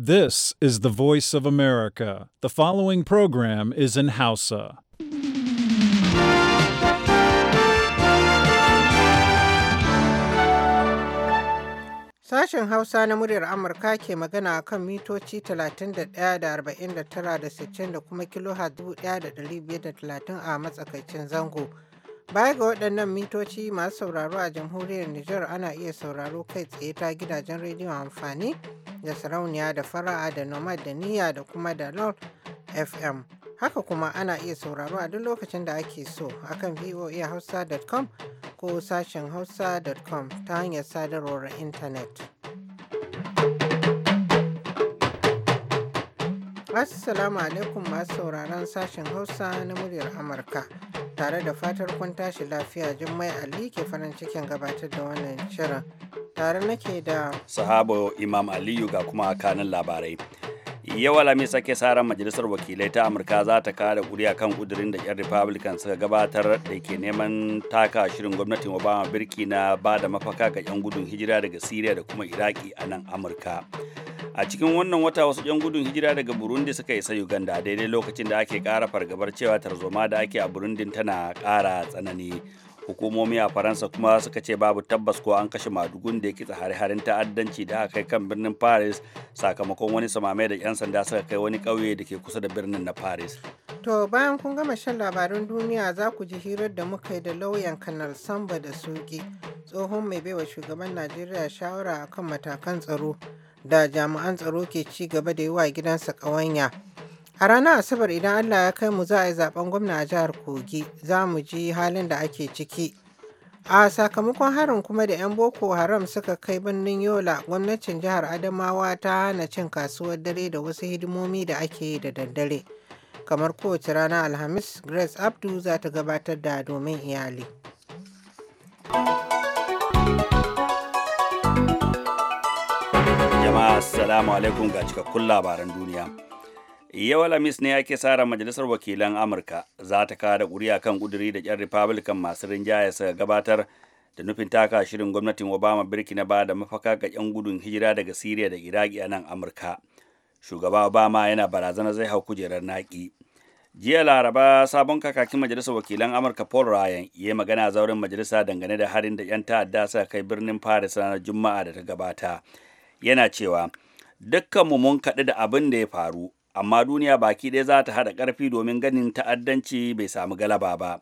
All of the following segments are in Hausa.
This is the voice of America. The following program is in Hausa. Sashen Hausa na muryar Amurka ke magana kan mitoci 31 da 49 da da kuma kilo 1530 a matsakaicin zango. Baya ga waɗannan mitoci masu sauraro a jamhuriyar Nijar ana iya sauraro kai tsaye ta gidajen rediyon amfani da sarauniya da fara'a da nomad da niyya da kuma da lord fm haka kuma ana iya sauraro a duk lokacin da ake so akan voahausa.com ko sashen hausa.com ta hanyar sadarwar intanet assalamu alaikum masu sauraron sashen hausa na muryar amurka tare da fatar kun tashi lafiya jummai ali ke farin cikin gabatar da wannan shirin Tare nake da. Sahabo Imam Aliyu ga kuma kanin labarai. yau alhamis ake sa majalisar wakilai ta amurka za ta kada kuri'a kan kudurin da 'yan republican suka gabatar da ke neman taka shirin gwamnatin obama birki na ba da mafaka ga 'yan gudun hijira daga syria da kuma iraki a nan amurka a cikin wannan wata wasu 'yan gudun hijira daga burundi suka isa uganda daidai lokacin da ake kara fargabar cewa tarzoma da ake a burundin tana kara tsanani hukumomi a faransa kuma suka ce babu tabbas ko an kashe madugun da ya kitsa hare-haren ta'addanci da aka kai kan birnin paris sakamakon wani samame da 'yan sanda suka kai wani ƙauye da ke kusa da birnin na paris to bayan kun gama shan labarun duniya za ku ji hirar da muka yi da lauyan kanal samba da suki tsohon mai baiwa shugaban najeriya shawara akan matakan tsaro da jami'an tsaro ke ci gaba da yi wa gidansa ƙawanya A ranar Asabar idan Allah ya kai mu za a yi zaben gwamna a jihar Kogi za mu ji halin da ake ciki. A sakamakon harin kuma da 'yan Boko Haram suka kai birnin Yola gwamnatin jihar Adamawa ta hana cin kasuwar dare da wasu hidimomi da ake yi da daddare. Kamar kowace rana Alhamis, Grace Abdu za ta gabatar da domin iyali. Jama'a, Assalamu alaikum ga cikakkun labaran duniya. yau alhamis ne ake sa majalisar wakilan amurka za ta kada a kan kuduri da yan republican masu rinjaye suka gabatar da nufin taka shirin gwamnatin obama birki na ba da mafaka ga yan gudun hijira daga siriya da iraki a nan amurka shugaba obama yana barazana zai hau kujerar naki jiya laraba sabon kakakin majalisar wakilan amurka paul ryan ya magana a zauren majalisa dangane da harin da 'yan ta'adda suka kai birnin paris ranar juma'a da ta gabata yana cewa dukkanmu mun kaɗu da abin da ya faru amma duniya baki ɗaya za ta haɗa ƙarfi domin ganin ta'addanci bai samu galaba ba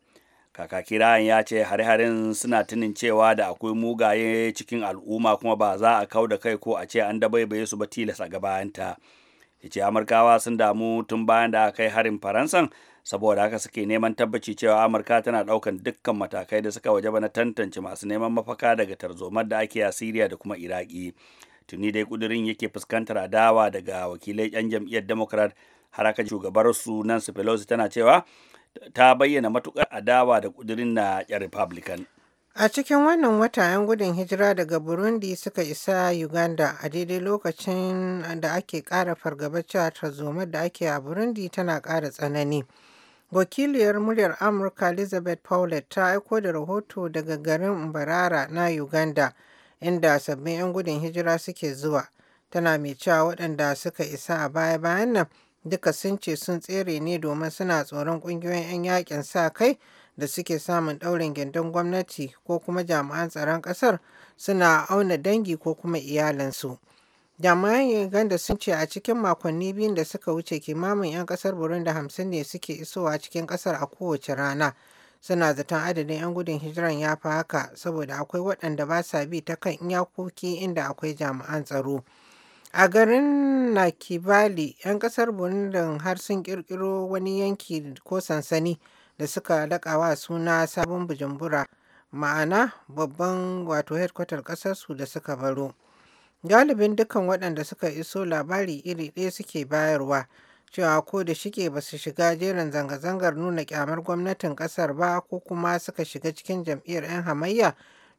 kakaki rayan ya ce hare-haren suna tunin cewa da akwai mugaye cikin al'umma kuma ba za a kau da kai ko a ce an dabaibaye su ba tilas a gabayanta ya ce amurkawa sun damu tun bayan da aka kai harin faransan saboda haka suke neman tabbaci cewa amurka tana ɗaukan dukkan matakai da suka waje na tantance masu neman mafaka daga tarzomar da ake a siriya da kuma iraki tuni dai kudirin yake fuskantar adawa daga wakilai 'yan jam'iyyar democrat har aka shugabar su nancy pelosi tana cewa ta bayyana matukar adawa da kudirin na 'yan republican a cikin wannan wata 'yan gudun hijira daga burundi suka isa uganda a daidai lokacin da ake kara fargaba cewa tarzoma da ake a burundi tana kara tsanani wakiliyar muryar amurka elizabeth Paulet ta aiko da rahoto daga garin barara na uganda inda sabbin 'yan gudun hijira suke zuwa tana mai cewa waɗanda suka isa a baya-bayan nan duka sun ce sun tsere ne domin suna tsoron ƙungiyoyin 'yan yakin sa kai da suke samun ɗaurin gindin gwamnati ko kuma jami'an tsaron ƙasar suna auna dangi ko kuma iyalinsu. jami'an uganda sun ce a cikin makonni biyun da suka wuce kimamin 'yan ƙasar burundi hamsin ne suke isowa cikin ƙasar a kowace rana suna zaton adadin 'yan gudun hijiran ya fi haka saboda akwai waɗanda ba sa bi ta kan iyakoki inda akwai jami'an tsaro a garin nakibali 'yan ƙasar burundin har sun ƙirƙiro wani yanki ko sansani da suka laƙawa suna sabon bujumbura ma'ana babban wato headkwatar ƙasarsu da suka baro galibin dukkan waɗanda suka iso labari iri ɗaya suke bayarwa cewa ko da shike ba su shiga jerin zanga-zangar nuna kyamar gwamnatin kasar ba ko kuma suka shiga cikin jam'iyyar 'yan hamayya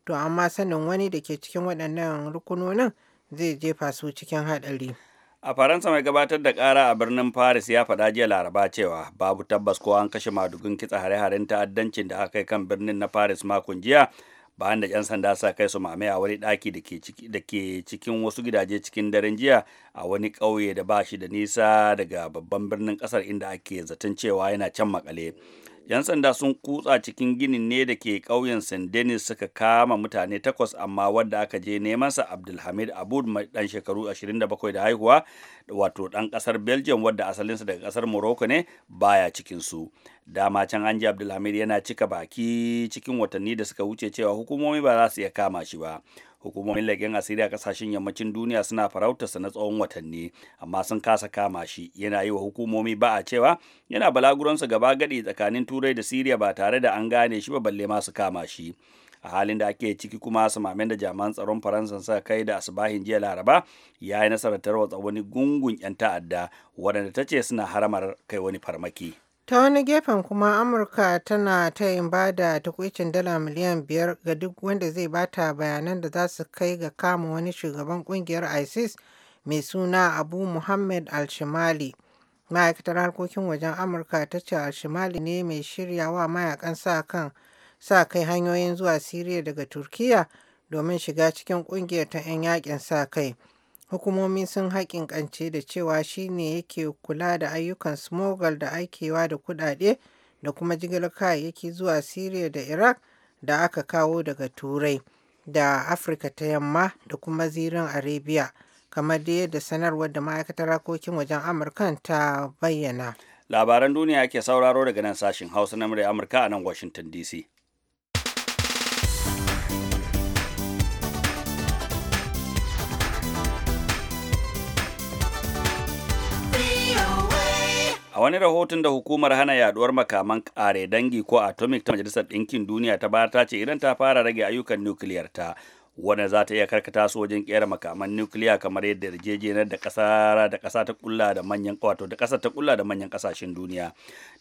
to amma sanin wani da ke cikin waɗannan rukunonin zai jefa su cikin haɗari. a faransa mai gabatar da ƙara a birnin paris ya faɗa jiya laraba cewa babu tabbas ko an kashe madugun kitsa hare-haren ta'addancin da aka kai kan birnin na paris makon jiya bayan da 'yan sanda sa kai su mamaya a wani daki da ke cikin wasu gidaje cikin daren jiya a wani ƙauye da ba shi da nisa daga babban birnin ƙasar inda ake zaton cewa yana can makale 'Yan sanda sun kutsa cikin ginin ne da ke ƙauyen St. Denis suka kama mutane takwas amma wadda aka je nemansa Abdulhamid Abud mai ɗan shekaru 27 da haihuwa wato ɗan ƙasar Belgium wadda asalinsa daga ƙasar Morocco ne baya cikin su. Dama can an Abdulhamid yana cika baki cikin watanni da suka wuce cewa hukumomi ba za su iya kama shi ba. hukumomin leƙen asiri a kasashen yammacin duniya suna farautarsa na tsawon watanni amma sun kasa kama shi yana yi wa hukumomi ba a cewa yana balaguransa gaba gadi tsakanin turai da siriya ba tare da an gane shi ba balle ma su kama shi a halin da ake ciki kuma samamen da jami'an tsaron faransa sa kai da asibahin jiya laraba ya yi nasarar tarwatsa wani gungun 'yan ta'adda waɗanda ta ce suna haramar kai wani farmaki Ta wani gefen kuma Amurka tana ta tayin da takwicin dala miliyan biyar ga duk wanda zai bata bayanan da za su kai ga kama wani shugaban kungiyar ISIS mai suna Abu Muhammad alshimali Ma'aikatar harkokin wajen Amurka ta ce al ne mai shirya wa mayakan sa kan sa kai hanyoyin zuwa Siriya daga Turkiya domin shiga cikin kungiyar ta 'yan yakin sa kai. hukumomi sun ƙance da cewa shi ne yake kula da ayyukan smogal da aikewa da kudade da kuma jigilar kayayyaki zuwa syria da iraq da aka kawo daga turai da afirka ta yamma da kuma zirin arabia kamar da yadda sanarwar da ma'aikatar harkokin wajen amurka ta bayyana labaran duniya ke sauraro daga nan sashin hausa na murya amurka a nan washington dc A wani rahoton da hukumar hana yaduwar makaman kare dangi ko atomic ta Majalisar Ɗinkin Duniya ta bayar ta ce idan ta fara rage ayyukan nukiliyar ta wanda za ta iya karkata su wajen kera makaman nukiliya kamar yadda yarjejeniyar da kasara da kasa ta kulla da manyan wato da kasa ta kulla da manyan kasashen duniya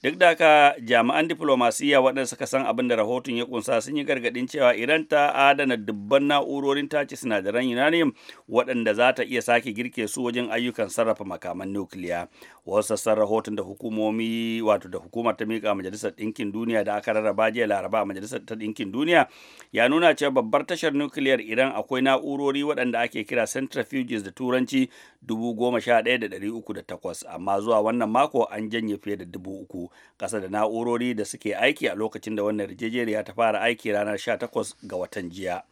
duk da haka jami'an diflomasiyya waɗanda suka san abin da rahoton ya kunsa sun yi gargaɗin cewa iran ta adana dubban na'urorin taci sinadaran uranium waɗanda za ta iya sake girke su wajen ayyukan sarrafa makaman nukiliya wasu sassan rahoton da hukumomi wato da hukumar ta mika majalisar ɗinkin duniya da aka rarraba jiya laraba majalisar ta ɗinkin duniya ya nuna cewa babbar tashar nukiliyar Iran akwai na'urori waɗanda ake kira centrifuges da turanci dubu goma sha ɗaya da da ɗari uku takwas amma zuwa wannan mako an janye fiye da dubu uku ƙasa da na'urori da suke aiki a lokacin da wannan yarjejeniya ta fara aiki ranar sha takwas ga watan jiya.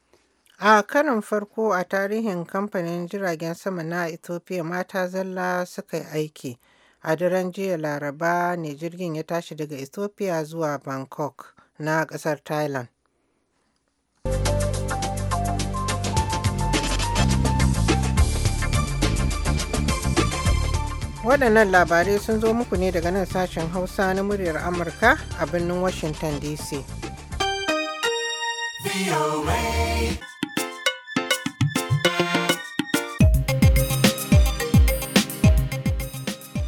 A karin farko a tarihin kamfanin jiragen sama na Ethiopia mata zalla suka yi aiki. A daren jiya Laraba ne jirgin ya tashi daga Ethiopia zuwa Bangkok na ƙasar Thailand. waɗannan labarai sun zo muku ne daga nan sashen hausa na muryar amurka a birnin washington dc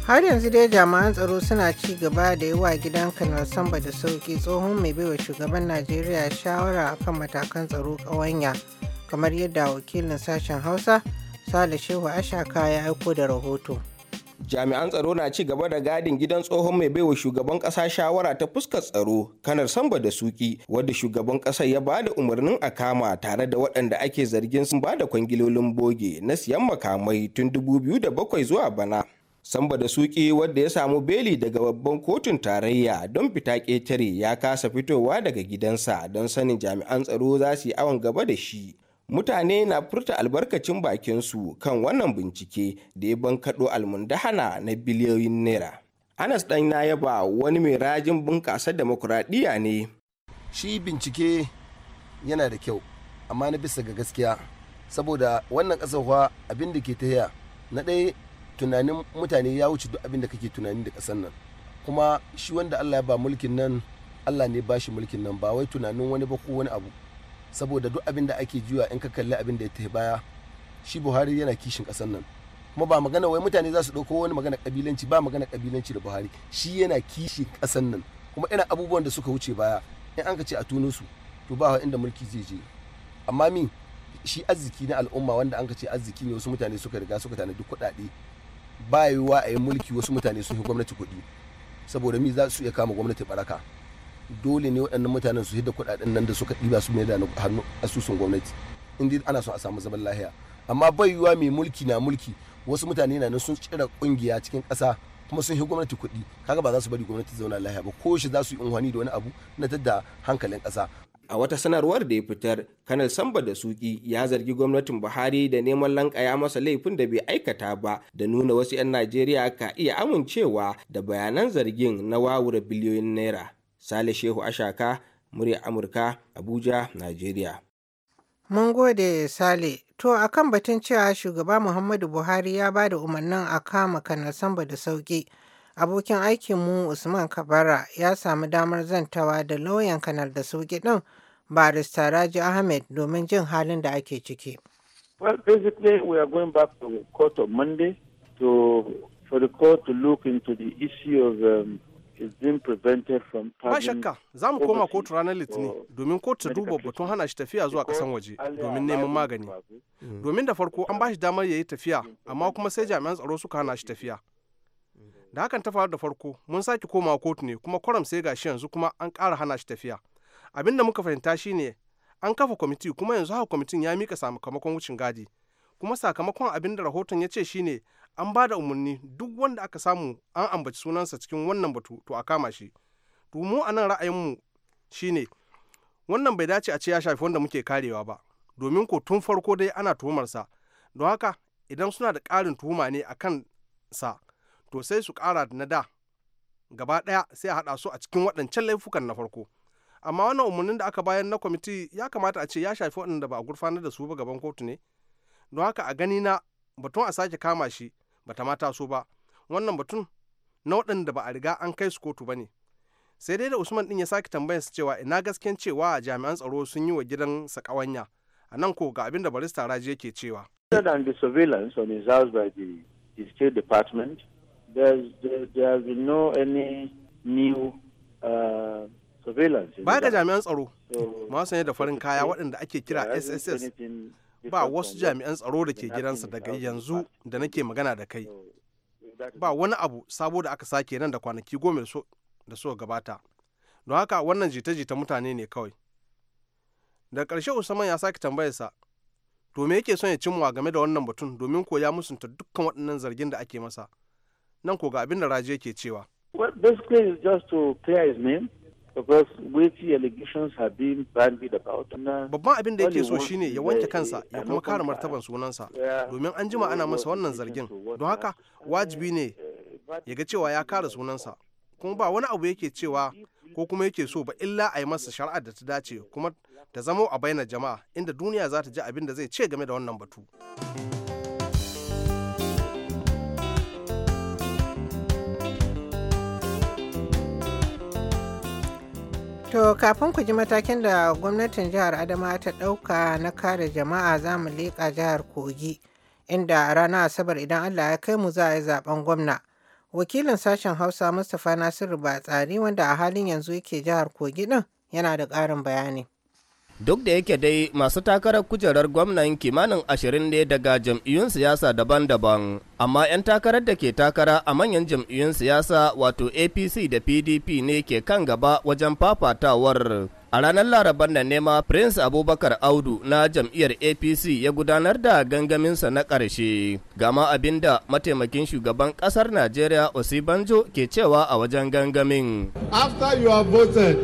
har yanzu dai jami'an tsaro suna ci gaba da yawa gidan kanar samba da sauki tsohon mai baiwa shugaban najeriya shawara kan matakan tsaro ƙawanya kamar yadda wakilin sashen hausa sale shehu ashaka ya aiko da rahoto jami'an tsaro na ci gaba da gadin gidan tsohon mai baiwa shugaban kasa shawara ta fuskar tsaro kanar samba da suki wadda shugaban kasar ya bada umarnin a kama tare da waɗanda ake zargin sun da kwangilolin boge na siyan makamai tun dubu biyu da bakwai zuwa bana samba da suki wadda ya samu beli daga babban kotun tarayya don fita ƙetare ya kasa fitowa daga gidansa don sanin jami'an tsaro za su yi awon gaba da shi mutane na furta albarkacin bakinsu kan wannan bincike da ya bankaɗo almundahana na biliyoyin naira anas ɗan na yaba wani mai rajin bunƙasa demokuraɗiyya ne shi bincike yana da kyau amma na bisa ga gaskiya saboda wannan ƙasar abin da ke ta na ɗaya tunanin mutane ya wuce duk abin da kake tunani da ƙasar nan kuma shi wanda allah ya ba mulkin nan allah ne ba shi mulkin nan ba wai tunanin wani ba ko wani abu saboda duk abin da ake juya in ka kalli abin da ya tafi baya shi buhari yana kishin ƙasar nan kuma ba magana wai mutane za su ɗauko wani magana ƙabilanci ba magana ƙabilanci da buhari shi yana kishin ƙasar nan kuma ina abubuwan da suka wuce baya in an ka ce a tuno su to ba inda mulki zai je amma mi shi arziki na al'umma wanda an ka ce arziki ne wasu mutane suka riga suka tanadi kuɗaɗe ba yiwuwa a yi mulki wasu mutane sun yi gwamnati kuɗi saboda mi za su iya kama gwamnati baraka dole ne waɗannan mutanen su hidda kuɗaɗen nan da suka ɗiba su mai da hannu asusun gwamnati in ana so a samu zaman lahiya amma bai yiwuwa mai mulki na mulki wasu mutane na nan sun tsira ƙungiya cikin ƙasa kuma sun yi gwamnati kuɗi kaga ba za su bari gwamnati zauna lahiya ba ko shi za su yi unhwani da wani abu na tadda hankalin ƙasa a wata sanarwar da ya fitar kanal samba da suki ya zargi gwamnatin buhari da neman lankaya masa laifin da bai aikata ba da nuna wasu 'yan najeriya ka iya amincewa da bayanan zargin na wawura biliyoyin naira Sale Shehu Ashaka, murya Amurka, Abuja, Najeriya. Mun gode Sale. To a kan batun cewa shugaba Muhammadu Buhari ya ba da umarnin a kama kanar samba da sauki. Abokin aikinmu Usman Kabara ya samu damar zantawa da lauyan kanar da sauki ɗin barista Raji Ahmed domin jin halin da ake ciki. Well, basically we are going back to court on Monday to for the court to look into the issue of um, Ba shakka za mu koma kotu ranar Litinin domin kotu ta duba batun hana shi tafiya zuwa kasan waje domin neman magani. Mm. Domin da farko an ba shi damar ya yi tafiya amma kuma sai jami'an tsaro suka hana shi tafiya. Da hakan ta faru da farko mun sake komawa kotu ne kuma kwaram sai gashi yanzu kuma an ƙara hana shi tafiya. Abin da muka fahimta shine an kafa kwamiti kuma yanzu haka kwamitin ya mika sakamakon wucin gadi kuma sakamakon abin da rahoton ya ce shine an ba da umarni duk wanda aka samu an ambaci sunansa cikin wannan batu to a kama shi to mu a nan ra'ayinmu shine wannan bai dace a ce ya shafi wanda muke karewa ba domin ko tun farko dai ana tuhumarsa don haka idan suna da ƙarin tuhuma ne a kan sa to sai su ƙara na da gaba ɗaya sai a haɗa su a cikin waɗancan laifukan na farko amma wannan umarnin da aka bayar na kwamiti ya kamata a ce ya shafi waɗanda ba a gurfanar da su ba gaban kotu ne don haka a gani na batun a sake kama shi bata mata so ba wannan batun na waɗanda ba a riga an kai su kotu ba ne sai dai da usman din ya sake tambayar su cewa ina gasken cewa jami'an tsaro sun yi wa gidan sa kawanya a nan ko ga abin da barista raji yake cewa ba the uh, ga jami'an tsaro masu da farin kaya waɗanda ake kira sss ba wasu jami'an tsaro da ke gidansa daga yanzu da nake magana da kai ba wani abu sabo da aka sake nan da kwanaki goma da suka gabata don haka wannan jita-jita mutane ne kawai da ƙarshe usman ya sake tambayarsa to me yake son ya cimma game da wannan batun domin ko ya musunta dukkan waɗannan zargin da ake masa nan ko ga abin da raji yake cewa basically just to clear because Babban abin da yake so shine ya wanke kansa ya kuma kare martaban sunansa domin an jima ana masa wannan zargin don haka wajibi ne ya ga cewa ya kare sunansa kuma ba wani abu yake cewa ko kuma yake so ba illa a yi masa shari'ar da ta dace kuma ta zamo a bainar jama'a inda duniya za ta ji abin da zai ce game da wannan batu. To kafin ku ji matakin da gwamnatin jihar adama ta ɗauka na kare jama'a za mu leƙa jihar Kogi, inda a ranar Asabar idan Allah ya kai mu za a yi zaben gwamna. Wakilin sashen Hausa Mustapha Nasiru Batsari wanda a halin yanzu yake jihar Kogi ɗin yana da ƙarin bayani. duk da yake dai masu takarar kujerar gwamnan kimanin ashirin ne daga jam'iyyun siyasa daban-daban amma 'yan takarar da ke takara a manyan jam'iyyun siyasa wato apc da pdp ne ke kan gaba wajen fafatawar a ranar laraban nan nema prince abubakar audu na jam'iyyar apc ya gudanar da gangaminsa na ƙarshe gama abin mataimakin shugaban ƙasar najeriya osibanjo ke cewa a wajen gangamin after you have voted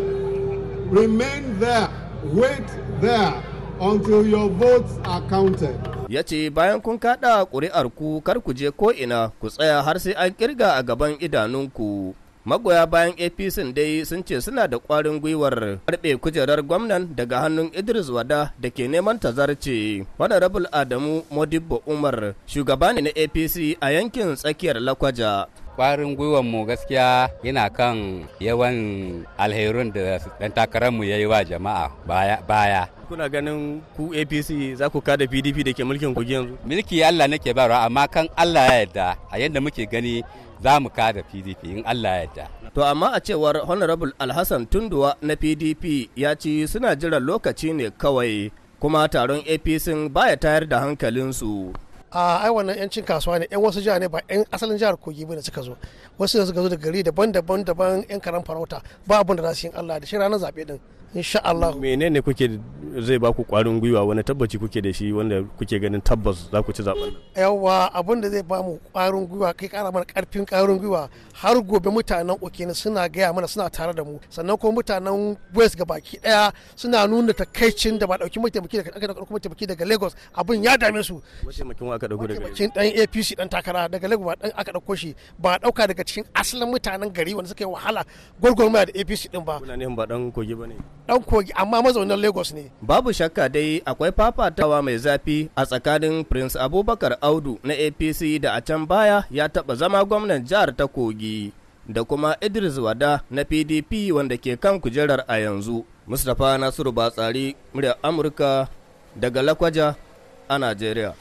remain there wait there until your votes are counted. Ya ce bayan kun kaɗa ƙuri'arku kar ku je ko'ina ku tsaya har sai an ƙirga a gaban idanunku. Magoya bayan APC dai sun ce suna da ƙwarin gwiwar karɓe kujerar gwamnan daga hannun Idris Wada da ke neman tazarce. rabul Adamu Modibo Umar shugaba ne na APC a yankin tsakiyar Lakwaja kwarin gwiwan mu gaskiya yana kan yawan alherun da dan takarar ya yi wa jama'a baya kuna ganin ku apc za ku kada pdp da ke mulkin ku yanzu mulki allah nake bara amma kan allah ya yarda a yadda muke gani za mu kada pdp in allah ya yarda to amma a cewar honorable alhassan tunduwa na pdp ya ci suna jiran lokaci ne kawai kuma taron apc baya tayar da hankalinsu a ai wannan yancin kasuwa ne yan wasu jiha ne ba yan asalin jihar kogi bane suka zo wasu suka zo da gari daban-daban daban yan karan farauta ba abin da za su yi Allah da shi ranar zaɓe din insha Allah menene kuke zai ba ku kwarin gwiwa wani tabbaci kuke da shi wanda kuke ganin tabbas za ku ci zaben yawa abin da zai ba mu kwarin gwiwa kai kara mana karfin kwarin gwiwa har gobe mutanen okene suna gaya mana suna tare da mu sannan kuma mutanen west ga baki daya suna nuna takaicin da ba dauki mataimaki daga aka dauki mataimaki daga lagos abin ya dame su mataimakin aka dauko daga cikin dan apc dan takara daga lagos ba dan aka dauko shi ba dauka daga cikin asalin mutanen gari wanda suka yi wahala gwalgwalmaya da apc din ba kuna ne ba dan kogi bane dan kogi amma mazaunin lagos ne babu shakka dai akwai fafatawa mai zafi a tsakanin prince abubakar audu na apc da a can baya ya taba zama gwamnan jihar ta kogi da kuma idris wada na pdp wanda ke kan kujerar a yanzu mustapha nasiru batsari murya amurka daga lakwaja a najeriya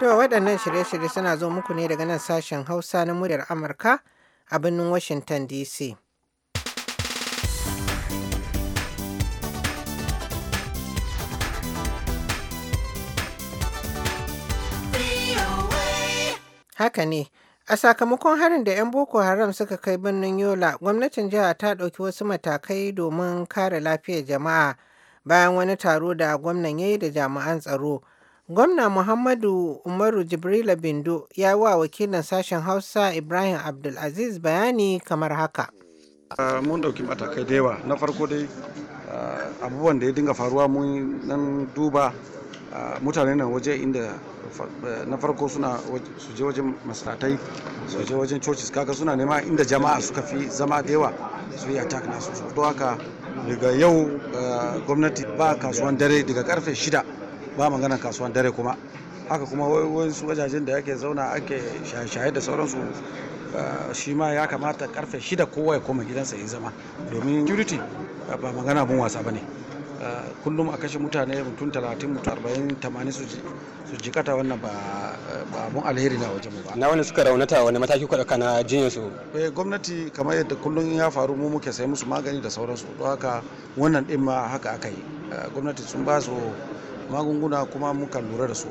To waɗannan shirye-shirye suna zo muku ne daga nan sashen Hausa na muryar Amurka a birnin Washington DC. Haka ne, a sakamakon harin da 'yan Boko Haram suka kai birnin Yola, gwamnatin jiha ta ɗauki wasu matakai domin kare lafiyar jama'a bayan wani taro da gwamnan ya yi da jami'an tsaro. Gwamna Muhammadu Umaru Jibrila Bindo ya wa wakilin sashen Hausa Ibrahim Abdulaziz bayani kamar haka. Ah, mun ɗauki matakai da yawa na farko dai ah, abubuwan da ya dinga faruwa mun nan duba ah, mutane nan waje inda eh, na farko suna su je wajen masratai su je wajen churches kaga suna nema inda jama'a suka fi zama da yawa su yi attack nasu don haka daga yau gwamnati ba kasuwan dare daga karfe shida ba magana kasuwan dare kuma haka kuma wasu wajajen da yake zauna ake shaye da sauransu ah, shi ma ya kamata karfe shida kowa ya koma gidansa ya zama domin security ba magana bin wasa ba ne ah, kullum a kashe mutane mutum talatin mutum arba'in tamanin su jikata wannan ba abun alheri na wajen ba na wani suka raunata wani mataki kuɗa na jinyar su eh, gwamnati kamar yadda kullum ya faru mu muke sai musu magani da sauransu don haka wannan ɗin ma haka aka yi ah, gwamnati sun ba su magunguna kuma muka lura da su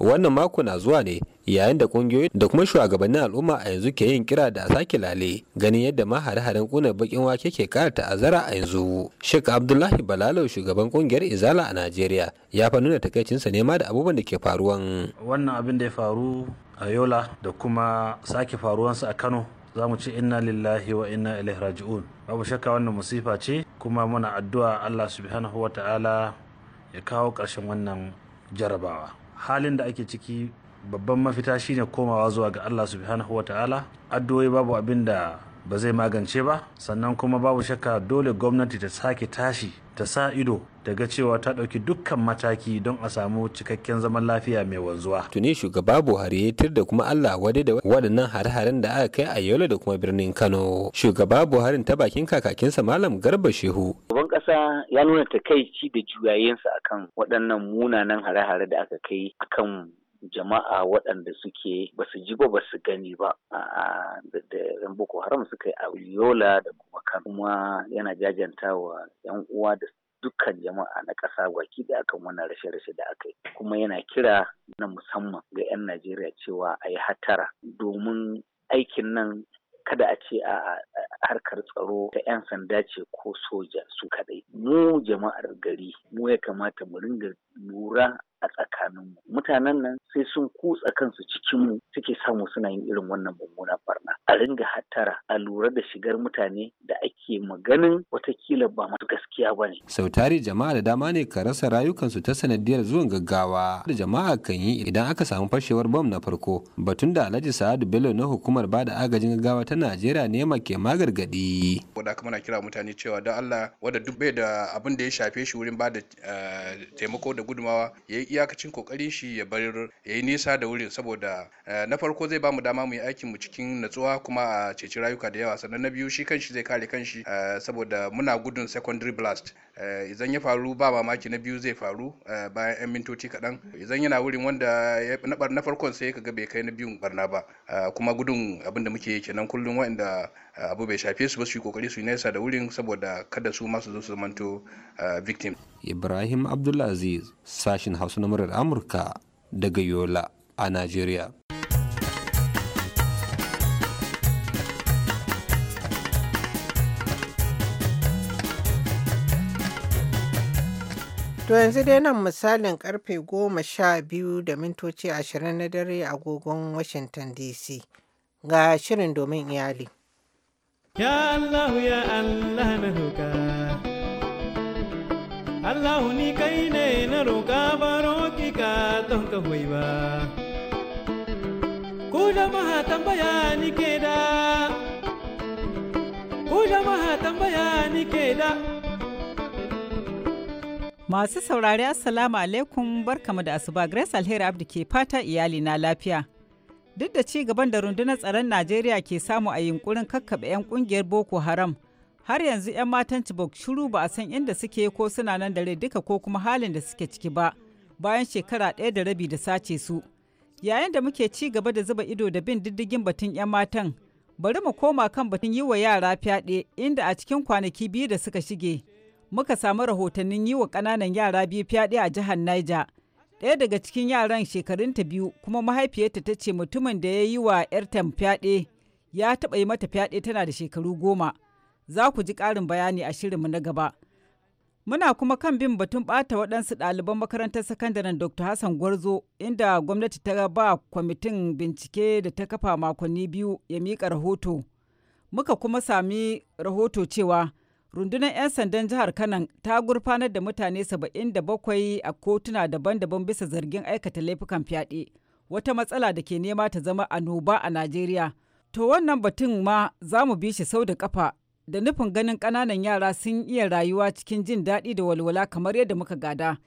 wannan mako na zuwa ne yayin da kungiyoyi da kuma shugabannin al'umma a yanzu ke yin kira da a sake lale ganin yadda ma hare-haren kunar bakin wake ke kara ta'azzara a yanzu shek abdullahi balalo shugaban kungiyar izala a najeriya ya fa nuna takaicinsa nema da abubuwan da ke faruwan wannan abin da ya faru a yola da kuma sake faruwansa a kano za mu ce inna lillahi wa inna ilaihi raji'un babu shakka wannan musifa ce kuma muna addu'a allah subhanahu wa ta'ala ya kawo ƙarshen wannan jarabawa halin da ake ciki babban mafita shine komawa zuwa ga Allah subhanahu wa ta'ala addu'o'i babu abin da ba zai magance ba sannan kuma babu shakka dole gwamnati ta sake tashi ta sa ido daga cewa ta ɗauki dukkan mataki don a samu cikakken zaman lafiya mai wanzuwa. Tuni shugaba Buhari ya tirda kuma Allah wadai da waɗannan hare-haren da aka kai a Yola da kuma birnin Kano. Shugaba Buhari ta bakin kakakinsa Malam Garba Shehu. ƙasa ya nuna takaici da juyayensa akan waɗannan munanan hare-hare da aka kai kan jama'a waɗanda suke ba su ji ba ba su gani ba da yan boko haram suka yi a yola da kuma kan kuma yana jajanta wa yan uwa da dukkan jama'a na ƙasa baki da akan wannan rashe-rashe da aka yi kuma yana kira na musamman ga 'yan najeriya cewa a yi hatara domin aikin nan kada a ce a harkar tsaro ta 'yan sanda ce ko soja su kadai. mu jama'ar gari mu ya kamata mu ringa lura a tsakaninmu mutanen nan sai sun kutsa kansu cikin mu suke samu suna yin irin wannan mummunan barna a ringa hattara a lura da shigar mutane da ake maganin watakila ba masu gaskiya ba ne sau tari jama'a da dama ne ka rasa rayukansu ta sanadiyar zuwan gaggawa da jama'a kan yi idan aka samu fashewar bom na farko batun da alhaji sa'adu bello na hukumar ba da agajin gaggawa ta najeriya ne ma ke magargadi wanda aka mana kira mutane cewa don allah wanda duk bai da abin da ya shafe shi wurin ba da eh, taimako da gudumawa ya iyakacin kokarin shi ya bar ya yi nisa da wurin saboda eh, na farko zai ba mu dama mu yi aikin mu cikin natsuwa kuma a ceci rayuka da yawa sannan na biyu shi kanshi zai kare kanshi eh, saboda muna gudun secondary blast Eh, idan ya faru ba mamaki na biyu zai faru eh, bayan 'yan mintoci kaɗan idan yana wurin wanda na farkon sai ka ga bai kai na biyun barna ba eh, kuma gudun abin da muke kenan kullum wa'anda abu bai shafe su ba su yi kokari su nesa da wurin saboda kada su masu zo su zamanto victim ibrahim abdulaziz sashin hausa na murar amurka daga yola a najeriya To yanzu dai nan misalin karfe goma sha biyu da mintoci ashirin na dare a agogon Washington DC ga shirin domin iyali. Ya Allah ya Allah na roƙa. Allah ni kai ne na roƙa ba ki ka don ka hoyi ba. Ku jama'a tambaya ni ke da. Ku jama'a tambaya ni ke da. Masu saurari Assalamu alaikum barkamu da asuba Grace Alheri Abdi ke fata iyali na lafiya. Duk da ci gaban da rundunar tsaron Najeriya ke samu a yunkurin kakkaɓe 'yan kungiyar Boko Haram, har yanzu 'yan matan Chibok shuru ba a san inda suke ko suna nan da rai duka ko kuma halin da suke ciki ba, bayan shekara ɗaya da rabi da sace su. Yayin da muke ci gaba da zuba ido da bin diddigin batun 'yan matan, bari mu koma kan batun yi wa yara fyaɗe inda a cikin kwanaki biyu da suka shige muka samu rahotannin yi wa ƙananan yara biyu fyaɗe a jihar Niger. Ɗaya daga cikin yaran shekarunta biyu kuma mahaifiyarta ta ce mutumin da ya yi wa 'yarta fyaɗe ya taɓa yi mata fyaɗe tana da shekaru goma. Za ku ji ƙarin bayani a shirinmu na gaba. Muna kuma kan bin batun ɓata waɗansu ɗaliban makarantar sakandaren Dr. Hassan Gwarzo inda gwamnati ta ba kwamitin bincike da ta kafa makonni biyu ya miƙa rahoto. Muka kuma sami rahoto cewa rundunar 'yan sandan jihar kanan ta gurfanar da mutane 77 a kotuna daban-daban bisa zargin aikata laifukan fyaɗe wata matsala da ke nema ta zama annoba a najeriya to wannan batun ma za mu bi shi sau da kafa da nufin ganin ƙananan yara sun iya rayuwa cikin jin daɗi da walwala kamar yadda muka gada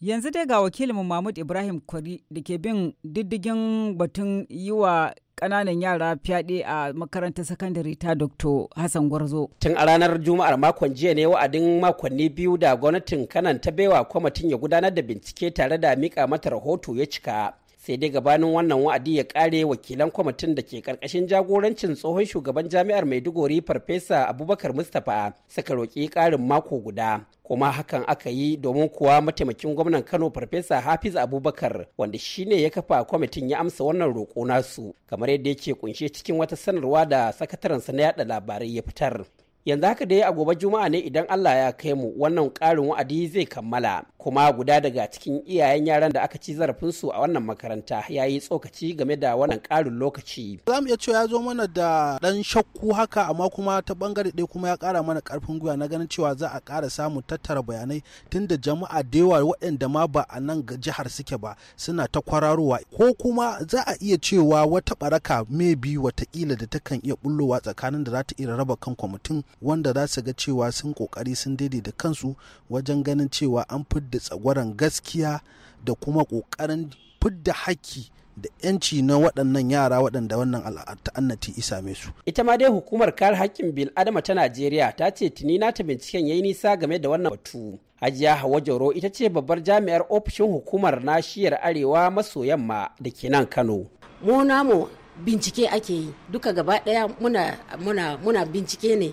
Yanzu dai ga wakilin Mahmud Ibrahim Kwari da ke bin diddigin batun yi wa ƙananan yara fyaɗe a makarantar sakandare ta Dr. Hassan Gwarzo. Tun a ranar Juma'ar makon jiya ne wa'adin makonni biyu da gwamnatin kanan ta baiwa kwamitin ya gudanar da bincike tare da mika mata rahoto ya cika. sai dai gabanin wannan wa'adi ya kare wakilan kwamitin da ke karkashin jagorancin tsohon shugaban jami'ar maiduguri farfesa abubakar mustapha suka roƙi ƙarin mako guda kuma hakan aka yi domin kuwa mataimakin gwamnan kano farfesa hafiz abubakar wanda shine ya kafa kwamitin ya amsa wannan roƙo nasu kamar yadda yake kunshe cikin wata sanarwa da sakatarensa na yada labarai ya fitar yanzu haka dai a gobe juma'a ne idan allah ya kai mu wannan ƙarin wa'adi zai kammala kuma guda daga cikin iyayen yaran da aka ci zarafinsu a wannan makaranta ya yi tsokaci game da wannan karin lokaci. Za mu iya cewa ya zo mana da ɗan shakku haka amma kuma ta ɓangare ɗaya kuma ya ƙara mana ƙarfin gwiwa na ganin cewa za a ƙara samun tattara bayanai tunda jama'a da yawa waɗanda ma ba a nan jihar suke ba suna ta kwararowa ko kuma za a iya cewa wata ɓaraka maybe watakila da takan iya bullowa tsakanin da za ta iya raba kan kwamitin wanda za su ga cewa sun ƙoƙari sun daidai da kansu wajen ganin cewa an fidda da tsagwaron gaskiya da kuma ƙoƙarin fidda haƙƙi da 'yanci na waɗannan yara waɗanda wannan ta'annati isa mai su. Ita ma dai hukumar kare haƙƙin bil adama ta Najeriya ta ce tuni nata binciken ya yi nisa game da wannan batu. Hajiya Hawa Jauro ita ce babbar jami'ar ofishin hukumar nashiyar Arewa maso yamma da ke nan Kano. Mu namu bincike ake yi duka gaba ɗaya muna, muna bincike ne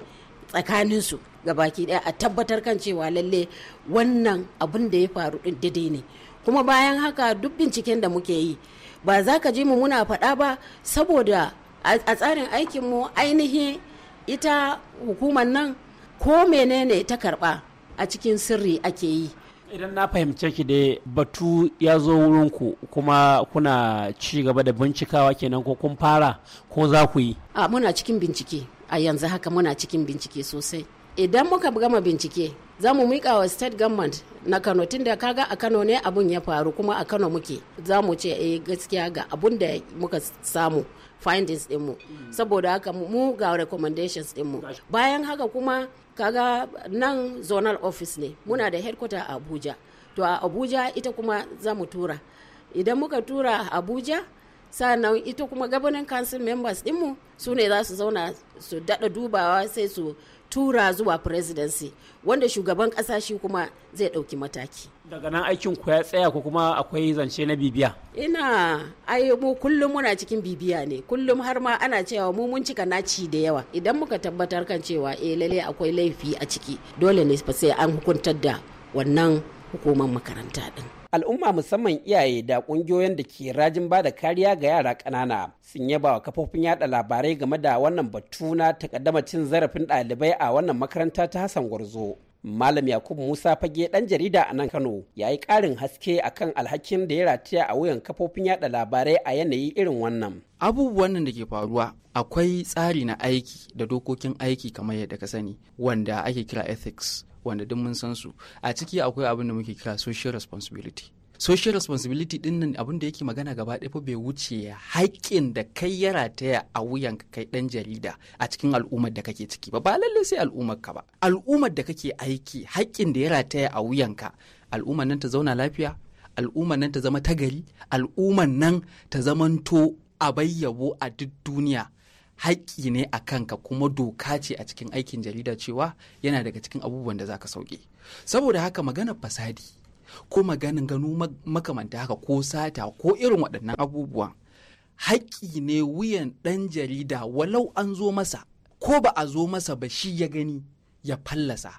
tsakaninsu ga baki daya a tabbatar kan cewa lalle wannan abin da ya faru din daidai ne kuma bayan haka duk binciken da muke yi ba za ka ji mu muna faɗa ba saboda a tsarin aikinmu ainihi ita hukumar nan ko menene ta karɓa a cikin sirri ake yi idan na fahimce ki da batu ya zo wurinku kuma kuna ci gaba da bincikawa kenan ko kun fara ko za ku yi a muna cikin bincike a yanzu haka muna cikin bincike sosai idan muka gama bincike za mu miƙa wa state government na kano tun da kaga a kano ne abun ya faru kuma a kano muke za mu ce eh gaskiya ga abun da muka samu findings dinmu saboda haka mu ga recommendations dinmu bayan haka kuma kaga nan zonal office ne muna da headquarter a abuja to a abuja ita kuma za mu tura idan muka tura abuja sannan ita kuma governing council members dinmu su ne za su zauna su daɗa dubawa sai su tura zuwa presidency wanda shugaban kasa shi kuma zai dauki mataki daga nan aikin ku ya tsaya ko kuma akwai zance na bibiya ina ai mu kullum muna cikin bibiya ne kullum har ma ana cewa mu mun cika naci da yawa idan muka tabbatar kan cewa eh lalle akwai laifi a ciki dole ne sai an hukuntar da wannan hukumar makaranta din al'umma musamman iyaye da kungiyoyin da ke rajin ba da kariya ga yara ƙanana sun yaba wa kafofin yada labarai game da wannan batu na takaddama cin zarafin ɗalibai a wannan makaranta ta hassan gwarzo malam yakubu musa fage dan jarida a nan kano ya yi ƙarin haske akan alhakin da ya rataya a wuyan kafofin yada labarai a yanayi irin wannan abubuwan nan da ke faruwa akwai tsari na aiki da dokokin aiki kamar yadda ka sani wanda ake kira ethics wanda duk mun san su a ciki akwai abin da muke kira social responsibility social responsibility din nan abin da yake magana gaba ɗaya fa bai wuce haƙƙin da kai ya rataya a wuyan kai ɗan jarida a cikin al'ummar da kake ciki ba ba lalle sai al'ummar ka ba al'ummar da kake aiki haƙƙin da ya rataya a wuyan ka al'ummar nan ta zauna lafiya al'ummar nan ta zama tagari al'ummar nan ta zamanto a a duk duniya haƙƙi ne a kanka kuma doka ce a cikin aikin jarida cewa yana daga cikin abubuwan da za zaka sauke saboda haka magana fasadi ko maganin gano makamanta haka ko sata ko irin waɗannan abubuwan haƙƙi ne wuyan ɗan jarida walau an zo masa ko ba a zo masa ba shi ya gani ya fallasa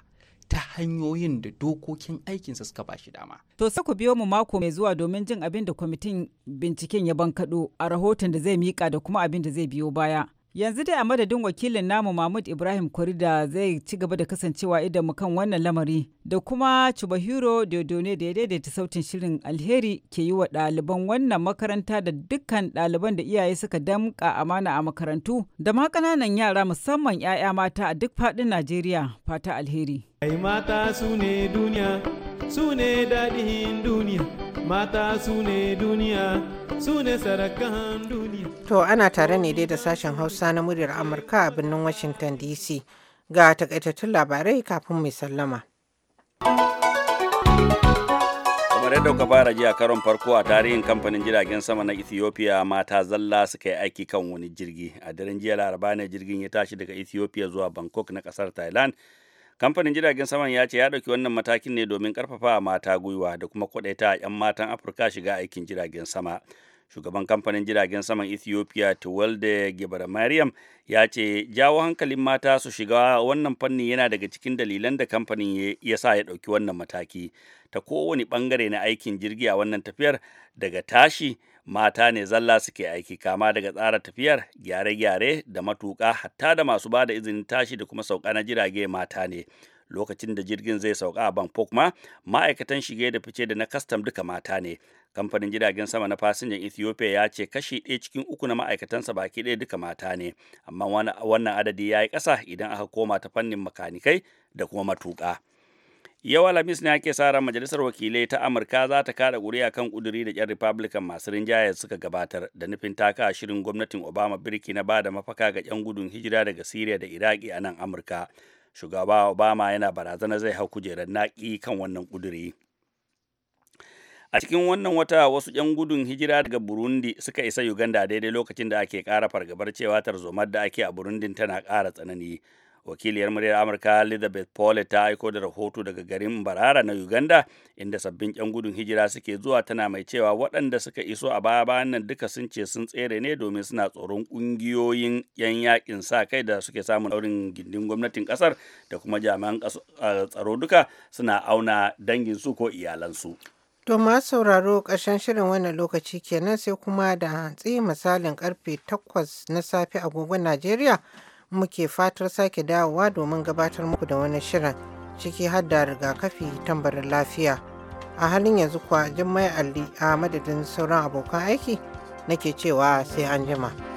ta hanyoyin da dokokin aikinsa suka ba shi dama. To sai ku biyo mu mako mai zuwa domin jin abin da kwamitin binciken ya bankaɗo a rahoton da zai miƙa da kuma abin da zai biyo baya. Yanzu dai a madadin wakilin namu Mahmud Ibrahim korida zai ci gaba da kasancewa idan mu kan wannan lamari da kuma Chubahiro Dodone da ya daidaita sautin shirin alheri ke yi wa ɗaliban wannan makaranta da dukkan ɗaliban da iyaye suka damƙa amana a makarantu da ma ƙananan yara musamman 'ya'ya mata a duk faɗin Najeriya fata alheri. Ai mata su ne duniya, su ne daɗin duniya. mata su ne duniya su ne sarakan duniya to ana tare ne dai da sashen hausa na muryar amurka a birnin washington dc ga takaitattun labarai kafin mai sallama kamar yadda ka fara ji a karon farko a tarihin kamfanin jiragen sama na ethiopia mata zalla suka yi aiki kan wani jirgi a daren jiya laraba ne jirgin ya tashi daga ethiopia zuwa bangkok na kasar thailand kamfanin jiragen saman ya ce ya ɗauki wannan matakin ne domin ƙarfafa mata gwiwa da kuma kwaɗaita 'yan matan afirka shiga aikin jiragen sama shugaban kamfanin jiragen saman ethiopia tewelde gebra mariam ya ce jawo hankalin mata su shiga wannan fanni yana daga cikin dalilan da kamfanin ya sa ya ɗauki wannan mataki ta kowane ɓangare na aikin jirgi a wannan tafiyar daga tashi mata ne zalla suke aiki kama daga tsara tafiyar gyare-gyare da matuƙa hatta da masu ba da izinin tashi da kuma sauka na jirage mata ne lokacin da jirgin zai sauka a bangkok ma ma'aikatan shige da fice da na kastam duka mata ne kamfanin jiragen sama na fasinjan ethiopia ya ce kashi ɗaya cikin uku na ma'aikatansa baki ɗaya duka mata ne amma wannan adadi ya yi ƙasa idan aka koma ta fannin makanikai da kuma matuƙa Yau Alhamis ne ake sa ran Majalisar Wakilai ta Amurka za ta kada ƙuri'a kan ƙuduri da 'yan Republican masu rinjaye suka gabatar da nufin taka a shirin gwamnatin Obama birki na bada mafaka ga 'yan gudun hijira daga Siriya da Iraki a nan Amurka. Shugaba Obama yana barazana zai hau kujerar naƙi kan wannan kuduri. a cikin wannan wata wasu 'yan gudun hijira daga burundi suka isa uganda daidai lokacin da ake kara fargabar cewa tarzomar da ake a burundin tana kara tsanani wakiliyar muryar amurka elizabeth paul ta aiko da rahoto daga garin barara na uganda inda sabbin 'yan gudun hijira suke zuwa tana mai cewa waɗanda suka iso a baya bayan nan duka sun ce sun tsere ne domin suna tsoron ƙungiyoyin 'yan yakin sa kai da suke samun daurin gindin gwamnatin ƙasar da kuma jami'an tsaro duka suna auna dangin su ko iyalansu To ma sauraro ƙarshen shirin wannan lokaci kenan sai kuma da hantsi misalin karfe 8 na safe agogon Najeriya muke fatar sake dawowa domin gabatar muku da wani shirin ciki har da rigakafi tambarin lafiya. A halin yanzu kuwa Jummai Ali a madadin sauran abokan aiki nake cewa sai an jima.